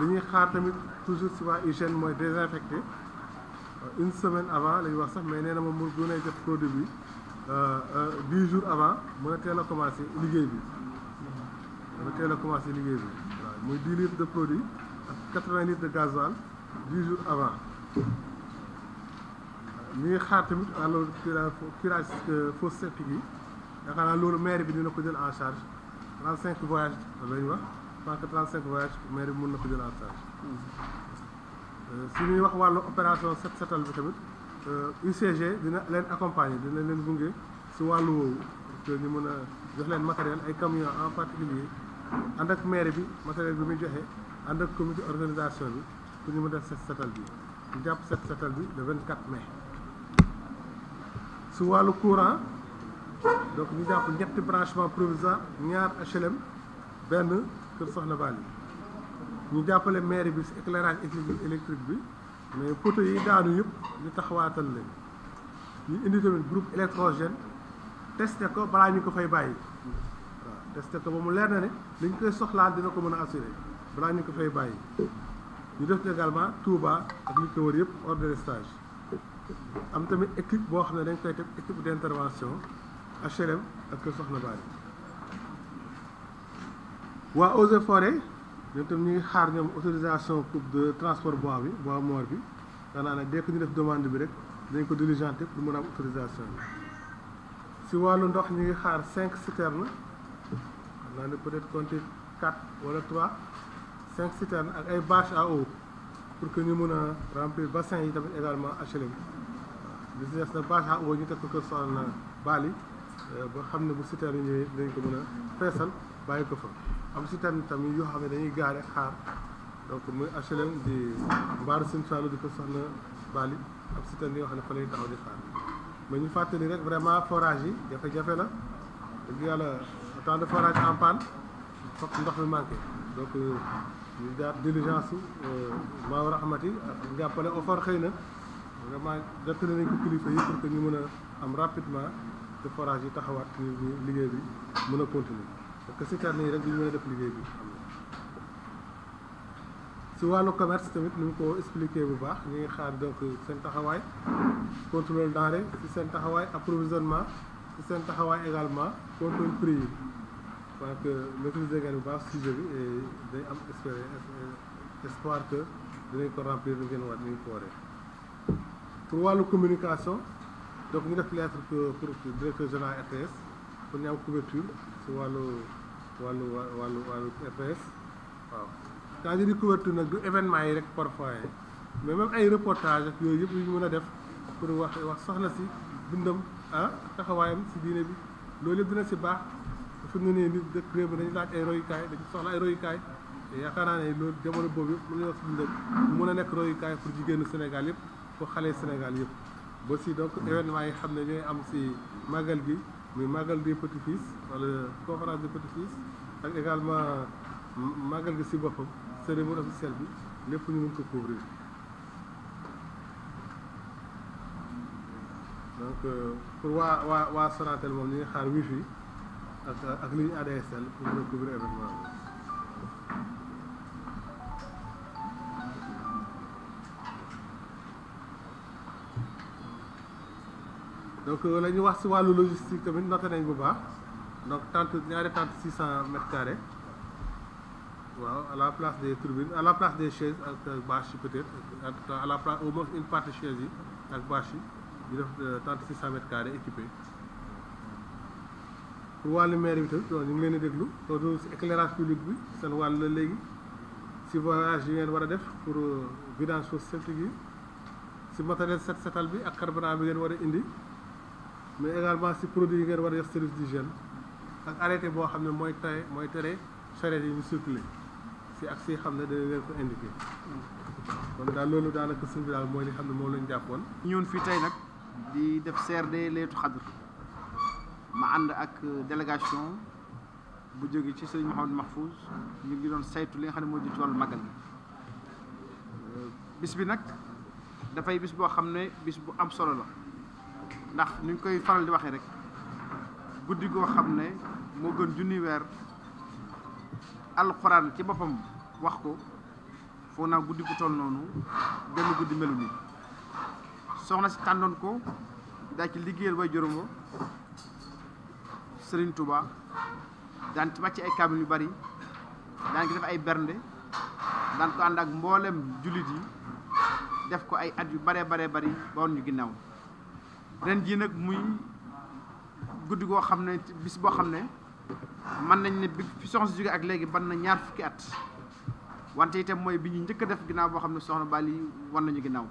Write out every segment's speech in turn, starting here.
li ñuy xaar tamit toujours si waa hygiène mooy désinfecté euh, une semaine avant la ñuy wax sax mais nee na moom bu doonay jot produit bi euh, euh, dix jours avant mën a teel a commencé liggéey bi teel a commencé liggéey bi muy dix litres de produit ak quatre-vingts litres de gasoil dix jours avant ñu ngi xaar tamit alors curage fosse septique yi yaakaar naa loolu maire bi dina ko jël en charge trente-cinq voyages lañu wax tant que 37 voyages bi mun na ko jël en charge euh, su ñuy wax wàllu opération set setal bi tamit UCG euh, dina leen accompagner dina leen gunge si wàllu woowu que ñu mën a jox leen matériel ay camion en particulier ànd ak maire bi matériel bi muy joxee ànd ak comité organisation bi pour ñu mën def set setal bi ñu jàpp set setal bi le 24 mai su wàllu courant donc ñu jàpp ñetti branchement provisoire ñaar HLM benn kër Soxna Bali ñu jàppale maire bi si éclairage électrique bi mais poteau yi daanu yëpp ñu taxawaatal leen ñu indi tamit groupe électrogène testé ko balaa ñu ko fay bàyyi waaw testé ko ba mu leer na ne liñ koy soxlaal dina ko mën a assuré balaa ñu ko fay bàyyi ñu def également Touba ak li ko yëpp ordre de stage am tamit équipe boo xam ne dañ koy teg équipe d' intervention HLM ak kër Soxna Bali waa eaux et forêt ñoom tam ñu ngi xaar ñoom autorisation pour de transport bois bi bois moor bi danaa ne dès que ñu def demande bi rek dañ ko diligenté pour mën a am autorisation bi si wàllu ndox ñu ngi xaar cinq citernes xam naa ne peut-être compter quatre wala trois cinq citernes ak ay bâche à pour que ñu mën a remplir bassin yi tamit également HLM li si des na bâche à ñu te ko kër soxna Bali euh, ba xam ne bu citerne yi ñëwee dinañ ko mën a feesal bàyyi ko fa am si tam tamit yoo xam ne dañuy gaare xaar donc muy HLM di mbaaru Sine Saalum di ko soxna Bali ak si tam yoo xam ne fa lay taxaw di xaar mais ñu fàttali rek vraiment forage yi jafe-jafe la dëgg yàlla temps de forage en panne fokk ndox mi manqué donc euh, ñu daal diligence euh, Maodo Rahmati ak jàppale offert xëy na vraiment jottali nañ ko kilifa yi pour que ñu mën a am rapidement te forage yi taxawaat ci liggéey bi mën a continuer. te sitkaat nii rek duñu mën a def liggéey bi si wàllu commerce tamit ni mu ko expliqué bu baax ñu ngi xaar donc seen taxawaay contrôle denrée si seen taxawaay approvisionnement si seen taxawaay également contrôle prix yi parce euh, que maîtriser ngeen bu baax sujet bi et day am espoir que dinañ ko remplir lu ngeen war ni ko waree wàllu communication donc ñu def lettre pour directeur général am couverture si wàllu wàllu wàllu wàllu RTS waaw cest di couverture nag du événement yi rek parfois mais même ay reportage ak yooyu yëpp yu ñu mën a def pour wax wax soxna si dundam ah taxawaayam si diine bi loolu yëpp dina si baax fi mu ne nii nit dëkk réew mi dañu laaj ay royukaay dañu soxla ay royukaay te yaakaar naa ne loolu jamono boobu mu mën na wax si dundam mu mën a nekk royukaay pour jigéenu Sénégal yëpp pour xale Sénégal yëpp ba si donc événement yi xam ne ñooy am si màggal bi muy màggal des petits fils wala conférence des ak également màggal gi si boppam cérémonie officielle bi lépp ñu mën ko couvrir donc euh, pour waa waa waa Sonatel moom ñu ngi xaar wifi ak ak ligne ADSL pour mën a couvrir événement donc euh, la ñu wax si wàllu logistique tamit noté nañ bu baax donc tente ñaari tente six cent mètres carrés waaw à la place des tribunes à la place des chaises ak euh, bâche yi peut-être la place au moins une partie chaise yi ak bâche yi ñu def euh, tente six cent mètres carrés équipé pour wàllu maire bi tamit ñu ngi leen di déglu surtout si éclairage bi seen wàll la léegi si voyage yi ngeen war a def pour vidange fosse septique yi si matériel set setal bi ak carburant bi ngeen war a indi mais également si produit yi ngeen war a def service d'hygiène ak arrêté boo xam ne mooy tere mooy tere charrette yi ñu circuler si ak si xam ne dana leen ko indiqué kon daal loolu daanaka sëñ bi mooy li xam ne moom lañ jàppoon. ñun fii tey nag di def CRD Laylatul Qadr ma ànd ak délégation bu jóge ci sëñ Mouhamadou Mahfouz ñu ngi doon saytu li xam ne moo jëm ci wàllu magal euh, bis bi nag dafay bis boo xam ne bis bu am solo la. ndax ni ñu koy faral di waxee rek guddi goo xam ne moo gën junni weer alxuraan ci boppam wax ko foog naa guddi gu toll noonu dem guddi melu ni soxna si tàndoon ko daa ci liggéeyal way juróom ba Serigne Touba daan ci wàcc ay kaamil yu bari daan ci def ay bernde daan ko ànd ak mboolem jullit yi def ko ay at yu bare bare bari ba woon ñu ginnaaw ren jii nag muy guddi goo xam ne bis boo xam ne mën nañ ne bi fi soxna si jóge ak léegi ban na ñaar fukki at wante itam mooy bi ñu njëkk def ginnaaw boo xam ne soxna baa Bali war nañu ginnaaw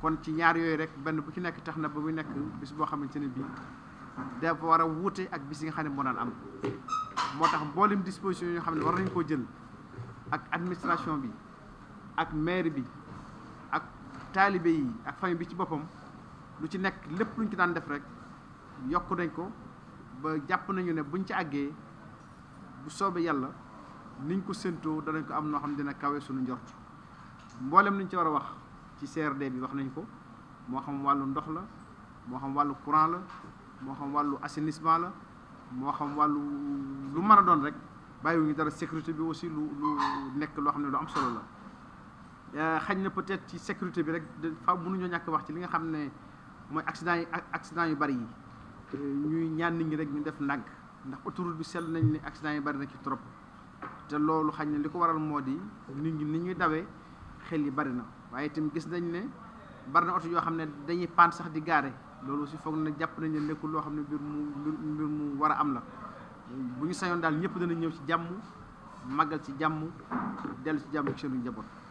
kon ci ñaar yooyu rek benn bu ci nekk tax na ba mu nekk bis boo xamante ne bii dafa war a wuute ak bis yi nga xam ne moo daan am moo tax mboolem disposition yoo xam ne war nañ koo jël ak administration bi ak maire bi ak taalibe yi ak famille bi ci boppam lu ci nekk lépp luñ ci daan def rek yokk nañ ko ba jàpp nañu ne buñ ci àggee bu soobee yàlla niñ ko séentoo danañ ko am noo xam dina kawe suñu njort mboolem liñ ci war a wax ci CRD bi wax nañ ko moo xam wàllu ndox la moo xam wàllu courant la moo xam wàllu assainissement la moo xam wàllu lu mën a doon rek bàyyi bàyyiwuñu dara sécurité bi aussi lu lu nekk loo xam ne lu am solo la eh, xañ na peut-être ci sécurité bi rek fa mënuñoo ñàkk wax ci li nga xam ne mooy accident yi accident yu bari yi ñuy ñaan nit ñi rek ñu def nag ndax autoroute bi seetlu nañ ne accident yi bari na ci trop te loolu xañ na li ko waral moo di nit ñi nit ñuy dawee xel yi bari na waaye itam gis nañ ne bari na oto yoo xam ne dañuy paan sax di gaare loolu aussi foog na jàpp nañ ne nekkul loo xam ne mbir mu mbir mu war a am la bu ñu sañoon daal ñëpp dana ñëw ci jàmm màggal ci jàmm dellu ci jàmm ci seen njaboot